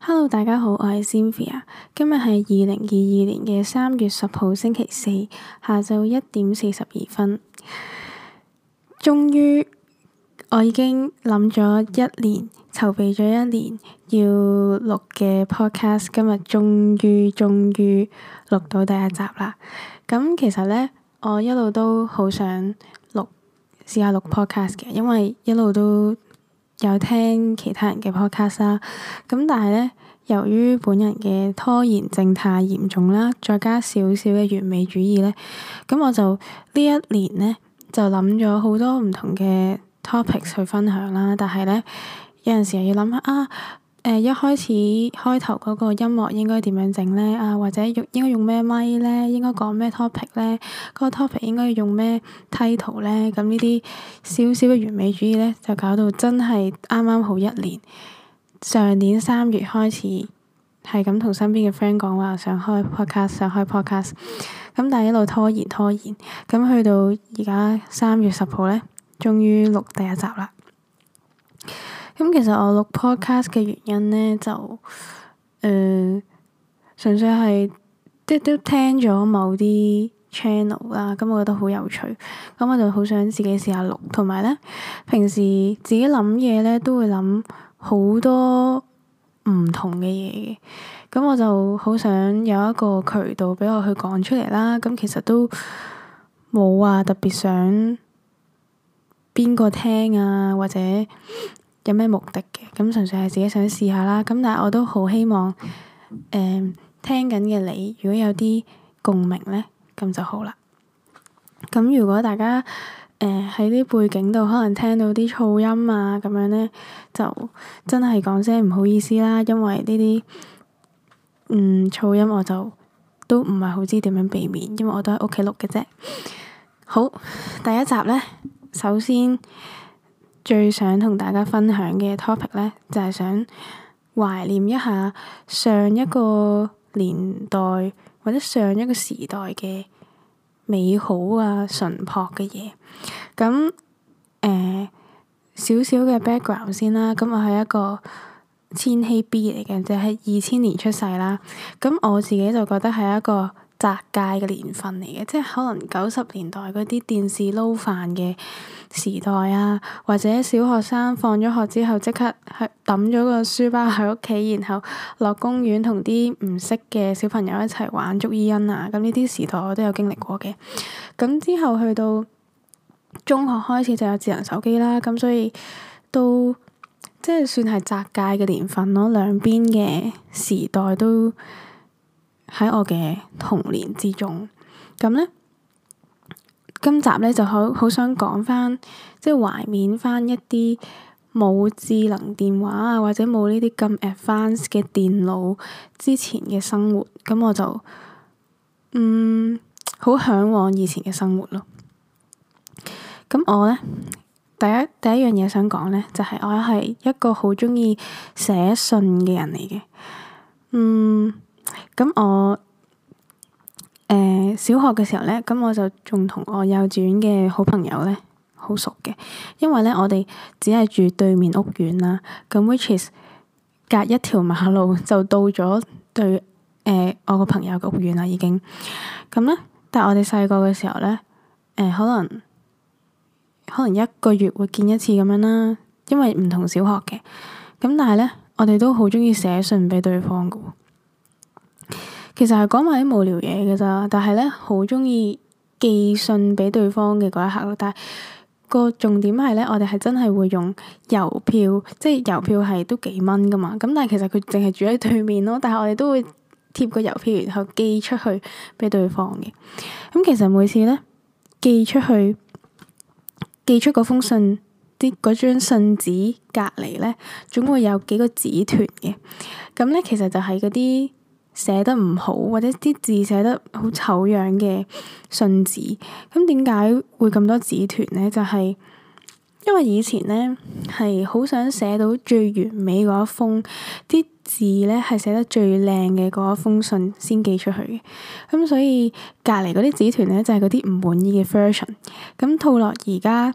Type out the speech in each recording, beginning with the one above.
Hello，大家好，我係 Sylvia。今日係二零二二年嘅三月十號星期四，下晝一點四十二分。終於，我已經諗咗一年。籌備咗一年要錄嘅 podcast，今日終於終於錄到第一集啦！咁其實咧，我一路都好想錄試下錄 podcast 嘅，因為一路都有聽其他人嘅 podcast 啦。咁但係咧，由於本人嘅拖延症太嚴重啦，再加少少嘅完美主義咧，咁我就呢一年咧就諗咗好多唔同嘅 topic 去分享啦，但係咧～有陣時又要諗下啊！誒、呃，一開始開頭嗰個音樂應該點樣整咧啊？或者用應該用咩咪咧？應該講咩 topic 咧？嗰、那個 topic 應該要用咩 t 梯圖咧？咁呢啲少少嘅完美主義咧，就搞到真係啱啱好一年。上年三月開始係咁同身邊嘅 friend 講話，想開 podcast，想開 podcast。咁但係一路拖延拖延，咁去到而家三月十號咧，終於錄第一集啦。咁其實我錄 podcast 嘅原因咧，就誒、呃、純粹係啲都、都聽咗某啲 channel 啦，咁、嗯、我覺得好有趣，咁、嗯、我就好想自己試下錄。同埋咧，平時自己諗嘢咧都會諗好多唔同嘅嘢嘅，咁、嗯、我就好想有一個渠道俾我去講出嚟啦。咁、嗯、其實都冇話特別想邊個聽啊，或者～有咩目的嘅？咁純粹係自己想試下啦。咁但係我都好希望誒、呃、聽緊嘅你如果有啲共鳴咧，咁就好啦。咁如果大家誒喺啲背景度可能聽到啲噪音啊咁樣咧，就真係講聲唔好意思啦，因為呢啲嗯噪音我就都唔係好知點樣避免，因為我都喺屋企錄嘅啫。好，第一集咧，首先，最想同大家分享嘅 topic 咧，就係想懷念一下上一個年代或者上一個時代嘅美好啊、純樸嘅嘢。咁誒、呃，小小嘅 background 先啦，咁我係一個千禧 B 嚟嘅，就係二千年出世啦。咁我自己就覺得係一個。雜界嘅年份嚟嘅，即係可能九十年代嗰啲電視撈飯嘅時代啊，或者小學生放咗學之後即刻去抌咗個書包喺屋企，然後落公園同啲唔識嘅小朋友一齊玩捉伊因啊，咁呢啲時代我都有經歷過嘅。咁之後去到中學開始就有智能手機啦，咁所以都即係算係雜界嘅年份咯啊，兩邊嘅時代都。喺我嘅童年之中，咁咧，今集咧就好好想講翻，即係懷緬翻一啲冇智能電話啊，或者冇呢啲咁 advanced 嘅電腦之前嘅生活。咁我就，嗯，好嚮往以前嘅生活咯。咁我咧，第一第一樣嘢想講咧，就係、是、我係一個好中意寫信嘅人嚟嘅，嗯。咁我誒、呃、小學嘅時候咧，咁我就仲同我幼稚園嘅好朋友咧，好熟嘅，因為咧我哋只係住對面屋苑啦，咁 which is 隔一條馬路就到咗對誒、呃、我個朋友嘅屋苑啦，已經咁咧。但係我哋細個嘅時候咧，誒、呃、可能可能一個月會見一次咁樣啦，因為唔同小學嘅咁，但係咧我哋都好鍾意寫信俾對方嘅。其實係講埋啲無聊嘢嘅咋，但係咧好中意寄信俾對方嘅嗰一刻咯。但係個重點係咧，我哋係真係會用郵票，即係郵票係都幾蚊㗎嘛。咁但係其實佢淨係住喺對面咯。但係我哋都會貼個郵票，然後寄出去俾對方嘅。咁、嗯、其實每次咧寄出去，寄出嗰封信，啲嗰張信紙隔籬咧，總會有幾個紙團嘅。咁、嗯、咧其實就係嗰啲。寫得唔好，或者啲字寫得好醜樣嘅信紙，咁點解會咁多紙團咧？就係因為以前咧係好想寫到最完美嗰一封，啲字咧係寫得最靚嘅嗰一封信先寄出去嘅，咁所以隔離嗰啲紙團咧就係嗰啲唔滿意嘅 version。咁套落而家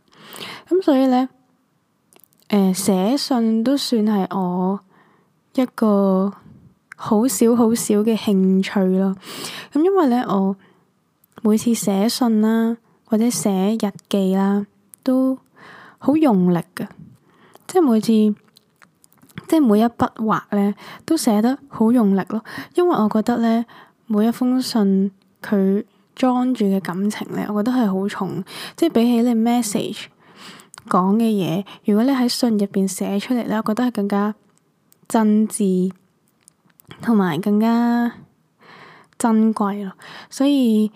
咁、嗯、所以咧，誒、呃、寫信都算係我一個好少好少嘅興趣咯。咁、嗯、因為咧，我每次寫信啦，或者寫日記啦，都好用力㗎，即係每次，即係每一筆畫咧，都寫得好用力咯。因為我覺得咧，每一封信佢裝住嘅感情咧，我覺得係好重，即係比起你 message。講嘅嘢，如果你喺信入邊寫出嚟咧，我覺得係更加真摯，同埋更加珍貴咯。所以，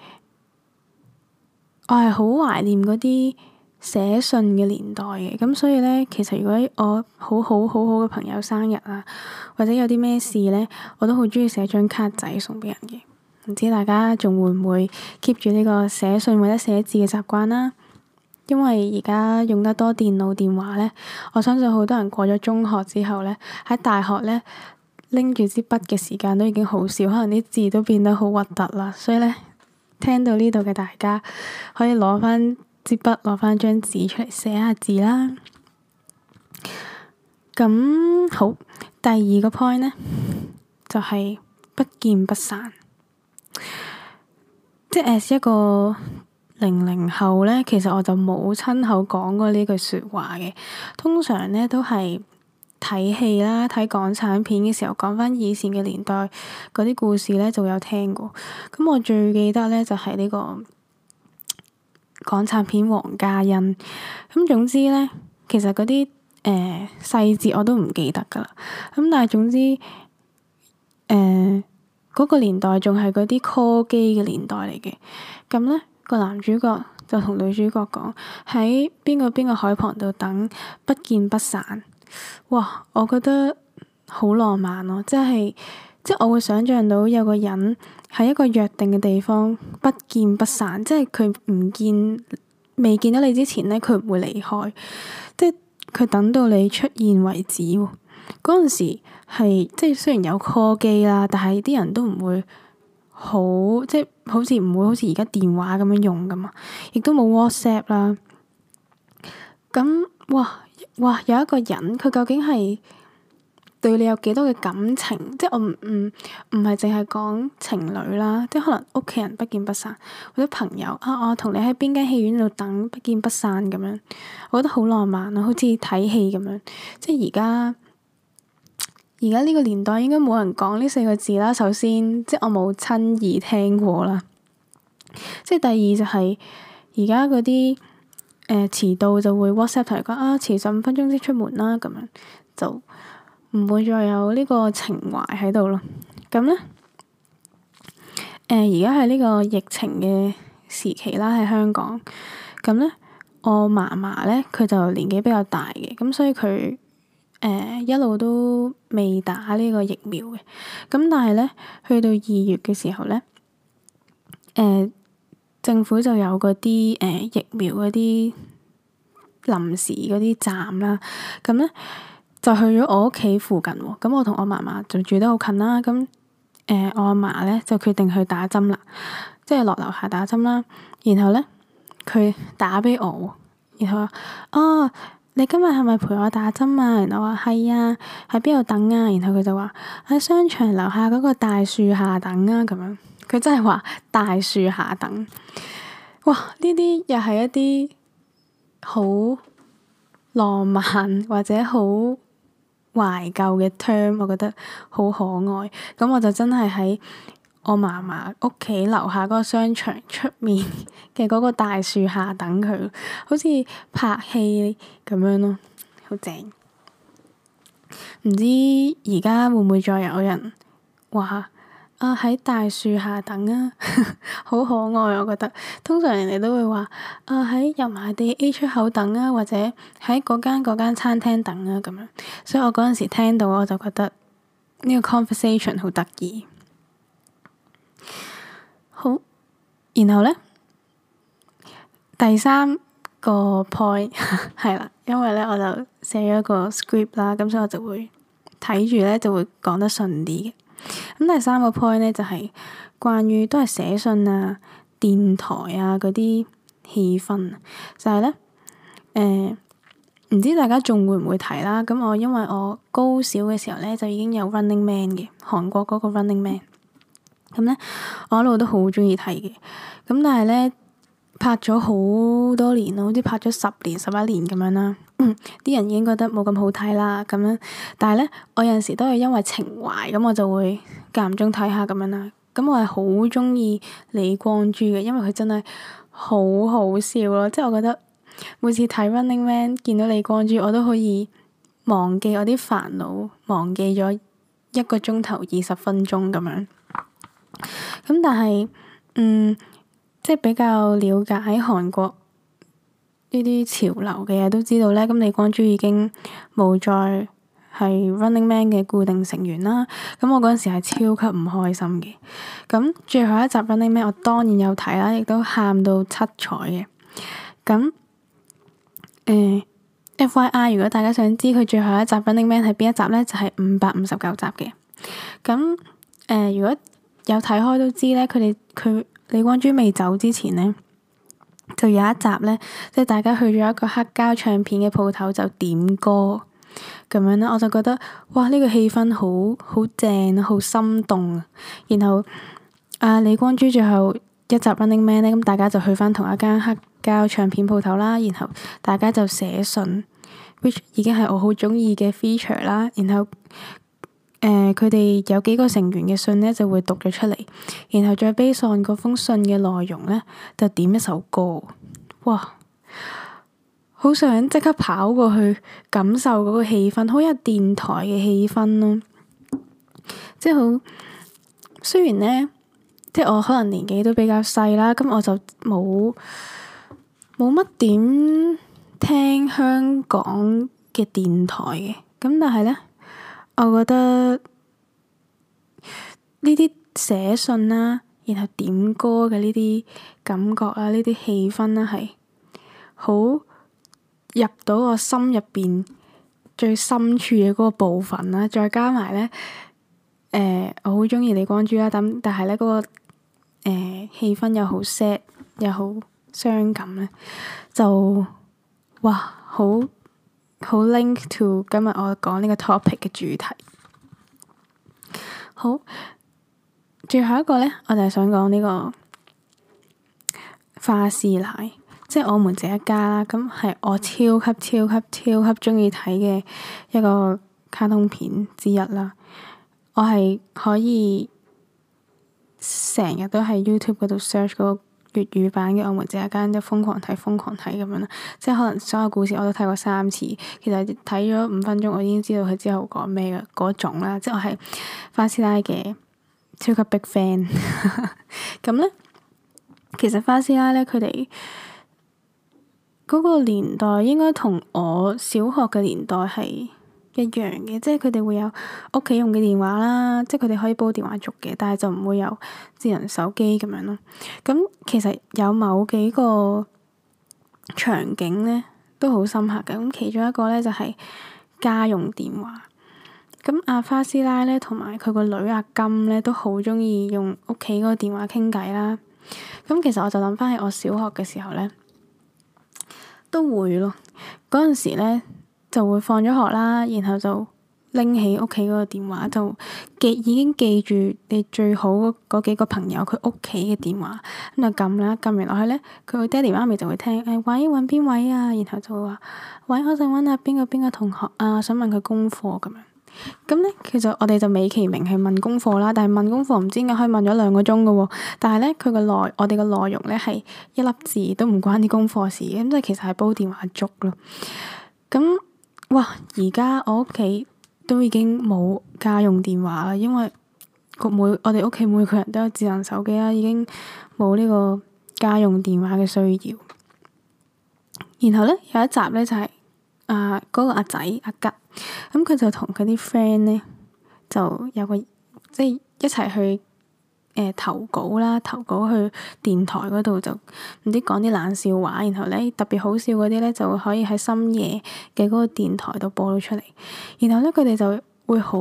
我係好懷念嗰啲寫信嘅年代嘅。咁所以咧，其實如果我好好好好嘅朋友生日啊，或者有啲咩事咧，我都好中意寫張卡仔送俾人嘅。唔知大家仲會唔會 keep 住呢個寫信或者寫字嘅習慣啦？因為而家用得多電腦電話咧，我相信好多人過咗中學之後咧，喺大學咧拎住支筆嘅時間都已經好少，可能啲字都變得好核突啦。所以咧，聽到呢度嘅大家可以攞翻支筆，攞翻張紙出嚟寫下字啦。咁好，第二個 point 咧，就係不見不散，即係一個。零零後咧，其實我就冇親口講過呢句説話嘅。通常咧都係睇戲啦，睇港產片嘅時候講返以前嘅年代嗰啲故事咧，就有聽過。咁、嗯、我最記得咧就係、是、呢、這個港產片黃家欣。咁、嗯、總之咧，其實嗰啲誒細節我都唔記得噶啦。咁、嗯、但係總之誒嗰、呃那個年代仲係嗰啲 Call 機嘅年代嚟嘅。咁、嗯、咧～個男主角就同女主角講喺邊個邊個海旁度等，不見不散。哇！我覺得好浪漫咯，即係即我會想像到有個人喺一個約定嘅地方不見不散，即係佢唔見未見到你之前咧，佢唔會離開，即係佢等到你出現為止喎。嗰陣時係即係雖然有 call 機啦，但係啲人都唔會。好，即係好似唔會好似而家電話咁樣用噶嘛，亦都冇 WhatsApp 啦。咁哇哇，有一個人，佢究竟係對你有幾多嘅感情？即係我唔唔唔係淨係講情侶啦，即係可能屋企人不見不散，或者朋友啊，我，啊，同你喺邊間戲院度等，不見不散咁樣，我覺得好浪漫啊，好似睇戲咁樣。即係而家。而家呢個年代應該冇人講呢四個字啦。首先，即係我冇親耳聽過啦。即係第二就係而家嗰啲誒遲到就會 WhatsApp 同你講啊，遲十五分鐘先出門啦咁樣，就唔會再有呢個情懷喺度咯。咁咧誒，而家係呢個疫情嘅時期啦，喺香港咁咧，我嫲嫲咧佢就年紀比較大嘅，咁所以佢。誒、呃，一路都未打呢個疫苗嘅。咁但係咧，去到二月嘅時候咧，誒、呃，政府就有嗰啲誒疫苗嗰啲臨時嗰啲站啦，咁、嗯、咧就去咗我屋企附近喎，咁、啊嗯、我同我嫲嫲就住得好近啦，咁、啊、誒、嗯，我阿嫲咧就決定去打針啦，即係落樓下打針啦，然後咧佢打俾我，然後啊～你今日係咪陪我打針啊？然後我話係啊，喺邊度等啊？然後佢就話喺商場樓下嗰個大樹下等啊咁樣。佢真係話大樹下等。哇！呢啲又係一啲好浪漫或者好懷舊嘅 term，我覺得好可愛。咁我就真係喺～我嫲嫲屋企樓下嗰個商場出面嘅嗰個大樹下等佢，好似拍戲咁樣咯，好正。唔知而家會唔會再有人話啊喺大樹下等啊，好 可愛啊我覺得。通常人哋都會話啊喺油麻地 A 出口等啊，或者喺嗰間嗰間餐廳等啊咁樣。所以我嗰陣時聽到我就覺得呢個 conversation 好得意。然後咧，第三個 point 係啦，因為咧我就寫咗個 script 啦，咁所以我就會睇住咧就會講得順啲嘅。咁第三個 point 咧就係、是、關於都係寫信啊、電台啊嗰啲氣氛，就係咧誒，唔、呃、知大家仲會唔會睇啦？咁我因為我高小嘅時候咧就已經有 Running Man 嘅韓國嗰個 Running Man。咁咧，我一路都好中意睇嘅。咁但係咧，拍咗好多年咯，好似拍咗十年、十一年咁樣啦。啲人已經覺得冇咁好睇啦。咁樣，但係咧，我有陣時都係因為情懷。咁我就會間唔中睇下咁樣啦。咁我係好中意李光洙嘅，因為佢真係好好笑咯。即係我覺得每次睇 Running Man 見到李光洙，我都可以忘記我啲煩惱，忘記咗一個鐘頭二十分鐘咁樣。咁但係，嗯，即係比較了解韓國呢啲潮流嘅人都知道咧。咁李光洙已經冇再係 Running Man 嘅固定成員啦。咁我嗰陣時係超級唔開心嘅。咁最後一集 Running Man 我當然有睇啦，亦都喊到七彩嘅。咁、呃、F.Y.I. 如果大家想知佢最後一集 Running Man 係邊一集咧，就係五百五十九集嘅。咁誒、呃，如果有睇開都知咧，佢哋佢李光洙未走之前咧，就有一集咧，即係大家去咗一個黑膠唱片嘅鋪頭就點歌咁樣啦，我就覺得哇，呢個氣氛好好正，好心動啊！然後啊，李光洙最後一集 Running Man 咧，咁大家就去返同一間黑膠唱片鋪頭啦，然後大家就寫信，which 已經係我好中意嘅 feature 啦，然後。誒，佢哋、呃、有幾個成員嘅信咧，就會讀咗出嚟，然後再悲喪嗰封信嘅內容咧，就點一首歌，哇，好想即刻跑過去感受嗰個氣氛，好有電台嘅氣氛咯，即係好。雖然咧，即係我可能年紀都比較細啦，咁我就冇冇乜點聽香港嘅電台嘅，咁但係咧。我覺得呢啲寫信啦、啊，然後點歌嘅呢啲感覺啊，呢啲氣氛啦、啊，係好入到我心入邊最深處嘅嗰個部分啦、啊。再加埋咧，誒、呃、我好中意李光洙啦、啊。咁但係咧，嗰個誒氣、呃、氛又好 sad 又好傷感咧，就哇好～好 link to 今日我講呢個 topic 嘅主題。好，最後一個呢，我就係想講呢個花師奶，即係我們這一家啦。咁係我超級超級超級鍾意睇嘅一個卡通片之一啦。我係可以成日都喺 YouTube 嗰度 search 嗰、那個。粵語版嘅我們成日跟一瘋狂睇、瘋狂睇咁樣啦，即係可能所有故事我都睇過三次，其實睇咗五分鐘我已經知道佢之後講咩嘅嗰種啦，即係我係花師奶嘅超級 big fan，咁咧 其實花師奶咧佢哋嗰個年代應該同我小學嘅年代係。一樣嘅，即係佢哋會有屋企用嘅電話啦，即係佢哋可以煲電話粥嘅，但係就唔會有智能手機咁樣咯。咁其實有某幾個場景咧都好深刻嘅，咁其中一個咧就係、是、家用電話。咁阿、啊、花師奶咧同埋佢個女阿金咧都好中意用屋企嗰個電話傾偈啦。咁其實我就諗翻起我小學嘅時候咧都會咯，嗰陣時咧。就會放咗學啦，然後就拎起屋企嗰個電話，就記已經記住你最好嗰幾個朋友佢屋企嘅電話，咁就撳啦，撳完落去咧，佢個爹哋媽咪就會聽，誒、哎、喂，揾邊位啊？然後就會話，喂，我想揾下邊個邊個同學啊，想問佢功課咁樣。咁咧，其實我哋就美其名係問功課啦，但係問功課唔知點解可以問咗兩個鐘㗎喎。但係咧，佢個內我哋個內容咧係一粒字都唔關啲功課事嘅，咁即係其實係煲電話粥咯。咁。哇！而家我屋企都已經冇家用電話啦，因為為每我哋屋企每個人都有智能手機啦，已經冇呢個家用電話嘅需要。然後咧有一集咧就係啊嗰個阿仔阿吉，咁佢、嗯、就同佢啲 friend 咧就有個即係、就是、一齊去。誒、呃、投稿啦，投稿去電台嗰度就唔知講啲冷笑話，然後咧特別好笑嗰啲咧就會可以喺深夜嘅嗰個電台度播到出嚟，然後咧佢哋就會好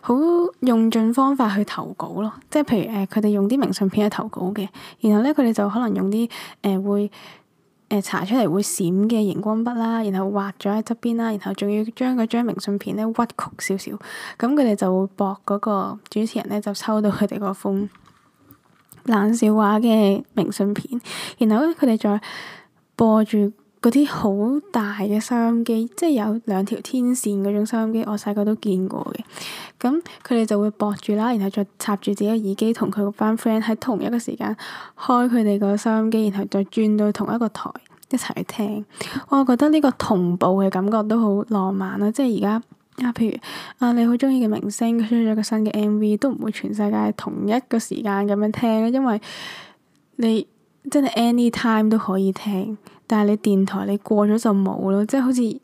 好用盡方法去投稿咯，即係譬如誒佢哋用啲明信片去投稿嘅，然後咧佢哋就可能用啲誒、呃、會。誒，搽出嚟會閃嘅熒光筆啦，然後畫咗喺側邊啦，然後仲要將嗰張明信片咧屈曲少少，咁佢哋就會博嗰個主持人咧就抽到佢哋嗰封冷笑話嘅明信片，然後咧佢哋再播住。嗰啲好大嘅收音機，即係有兩條天線嗰種收音機，我細個都見過嘅。咁佢哋就會駁住啦，然後再插住自己嘅耳機，同佢嗰班 friend 喺同一個時間開佢哋個收音機，然後再轉到同一個台一齊去聽。哇，我覺得呢個同步嘅感覺都好浪漫囉。即係而家啊，譬如啊，你好中意嘅明星佢出咗個新嘅 MV，都唔會全世界同一個時間咁樣聽咧，因為你真係 anytime 都可以聽。但係你電台你過咗就冇咯，即係好似即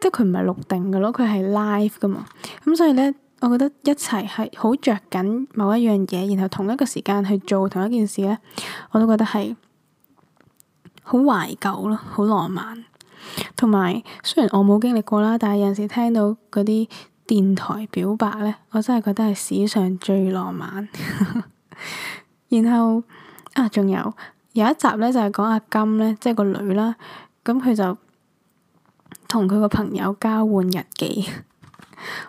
係佢唔係錄定嘅咯，佢係 live 嘅嘛。咁、嗯、所以咧，我覺得一齊係好着緊某一樣嘢，然後同一個時間去做同一件事咧，我都覺得係好懷舊咯，好浪漫。同埋雖然我冇經歷過啦，但係有時聽到嗰啲電台表白咧，我真係覺得係史上最浪漫。 然後啊，仲有。有一集咧就係、是、講阿金咧，即係個女啦，咁佢就同佢個朋友交換日記，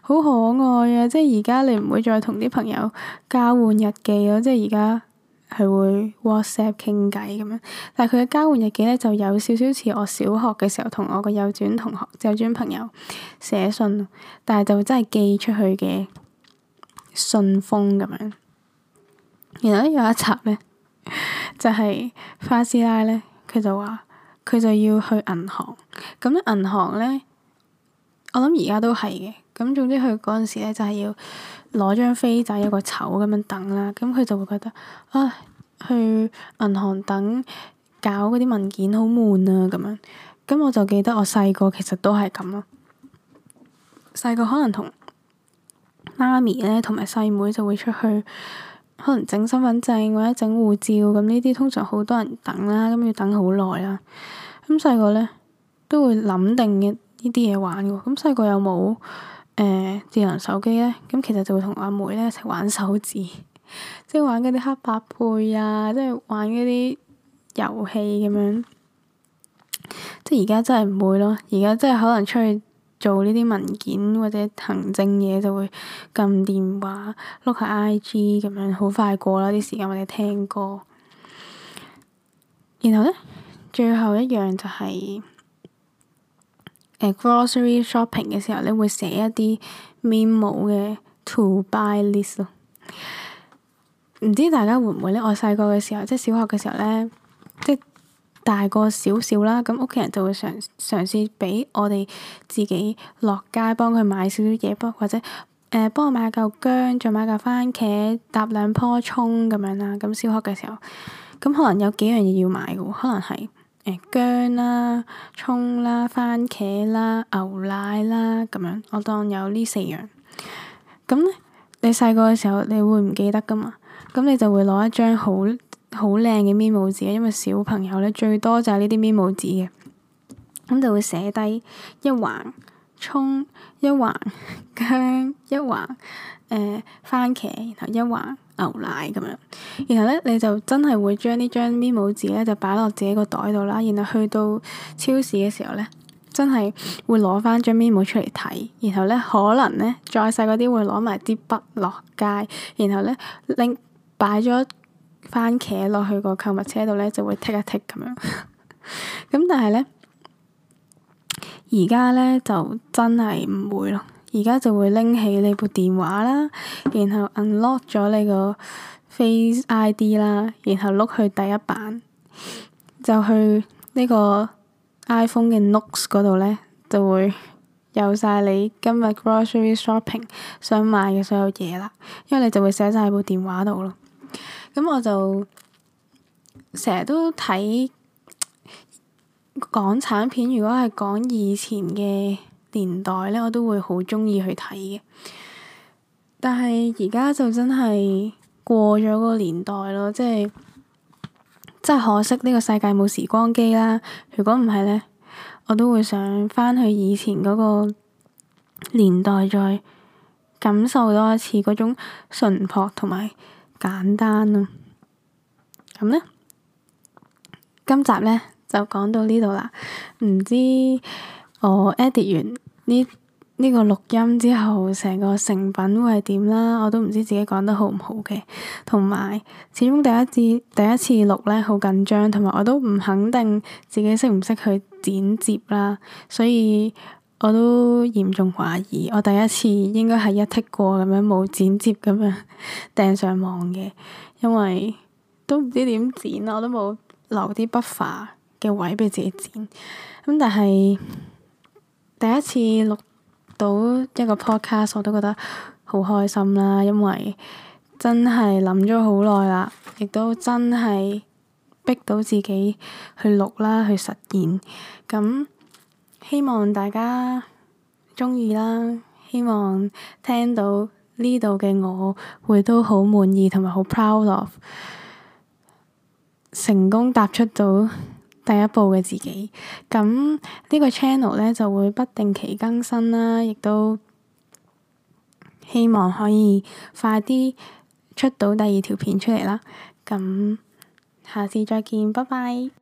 好 可愛啊！即係而家你唔會再同啲朋友交換日記咯，即係而家係會 WhatsApp 傾偈咁樣。但係佢嘅交換日記咧就有少少似我小學嘅時候同我個幼稚園同學、幼稚園朋友寫信，但係就真係寄出去嘅信封咁樣。然後有一集咧。 就係花師奶咧，佢就話佢就要去銀行，咁咧銀行咧，我諗而家都係嘅。咁總之佢嗰陣時咧就係、是、要攞張飛仔有個籌咁樣等啦，咁佢就會覺得啊，去銀行等搞嗰啲文件好悶啊咁樣。咁、嗯、我就記得我細個其實都係咁咯，細個可能同媽咪咧同埋細妹就會出去。可能整身份證或者整護照咁呢啲，通常好多人等啦，咁要等好耐啦。咁細個咧都會諗定嘅，呢啲嘢玩喎。咁細個又冇誒智能手機咧，咁其實就會同阿妹咧一齊玩手指，即係玩嗰啲黑白配啊，即係玩嗰啲遊戲咁樣。即係而家真係唔會咯，而家真係可能出去。做呢啲文件或者行政嘢，就會撳電話 look 下 I G 咁樣，好快過啦啲時間或者聽歌。然後咧，最後一樣就係、是、誒 grocery shopping 嘅時候咧，會寫一啲 memo 嘅 to buy list 咯。唔知大家會唔會咧？我細個嘅時候，即係小學嘅時候咧，即。大個少少啦，咁屋企人就會嘗嘗試俾我哋自己落街幫佢買少少嘢，不過或者誒、呃、幫我買嚿薑，再買嚿番茄，搭兩棵葱咁樣啦。咁小學嘅時候，咁可能有幾樣嘢要買嘅喎，可能係誒薑啦、葱啦、番茄啦、牛奶啦咁樣，我當有呢四樣。咁你細個嘅時候你會唔記得噶嘛？咁你就會攞一張好。好靚嘅 memo 紙啊，因為小朋友咧最多就係呢啲 memo 紙嘅，咁就會寫低一橫，葱一橫，姜一橫，誒、呃、番茄，然後一橫牛奶咁樣，然後咧你就真係會將呢張 memo 紙咧就擺落自己個袋度啦，然後去到超市嘅時候咧，真係會攞翻張 memo 出嚟睇，然後咧可能咧再細嗰啲會攞埋啲筆落街，然後咧拎擺咗。番茄落去個購物車度咧，就會剔一剔咁樣。咁 但係咧，而家咧就真係唔會咯。而家就會拎起你部電話啦，然後 unlock 咗你個 Face ID 啦，然後碌去第一版，就去個呢個 iPhone 嘅 Notes 嗰度咧，就會有曬你今日 Grocery Shopping 想買嘅所有嘢啦。因為你就會寫曬喺部電話度咯。咁我就成日都睇港產片，如果係講以前嘅年代咧，我都會好中意去睇嘅。但係而家就真係過咗個年代咯，即係即係可惜呢個世界冇時光機啦。如果唔係咧，我都會想翻去以前嗰個年代再感受多一次嗰種純樸同埋。簡單咯、啊，咁咧今集咧就講到呢度啦。唔知我 edit 完呢呢、個錄音之後成個成品會係點啦？我都唔知自己講得好唔好嘅，同埋始終第一次第一次錄咧，好緊張，同埋我都唔肯定自己識唔識去剪接啦，所以。我都嚴重懷疑，我第一次應該係一剔過咁樣冇剪接咁樣掟上網嘅，因為都唔知點剪啦，我都冇留啲 buffer 嘅位俾自己剪。咁但係第一次錄到一個 podcast，我都覺得好開心啦，因為真係諗咗好耐啦，亦都真係逼到自己去錄啦，去實現咁。希望大家鍾意啦，希望聽到呢度嘅我會都好滿意同埋好 proud of 成功踏出到第一步嘅自己。咁、這個、呢個 channel 咧就會不定期更新啦，亦都希望可以快啲出到第二條片出嚟啦。咁下次再見，拜拜。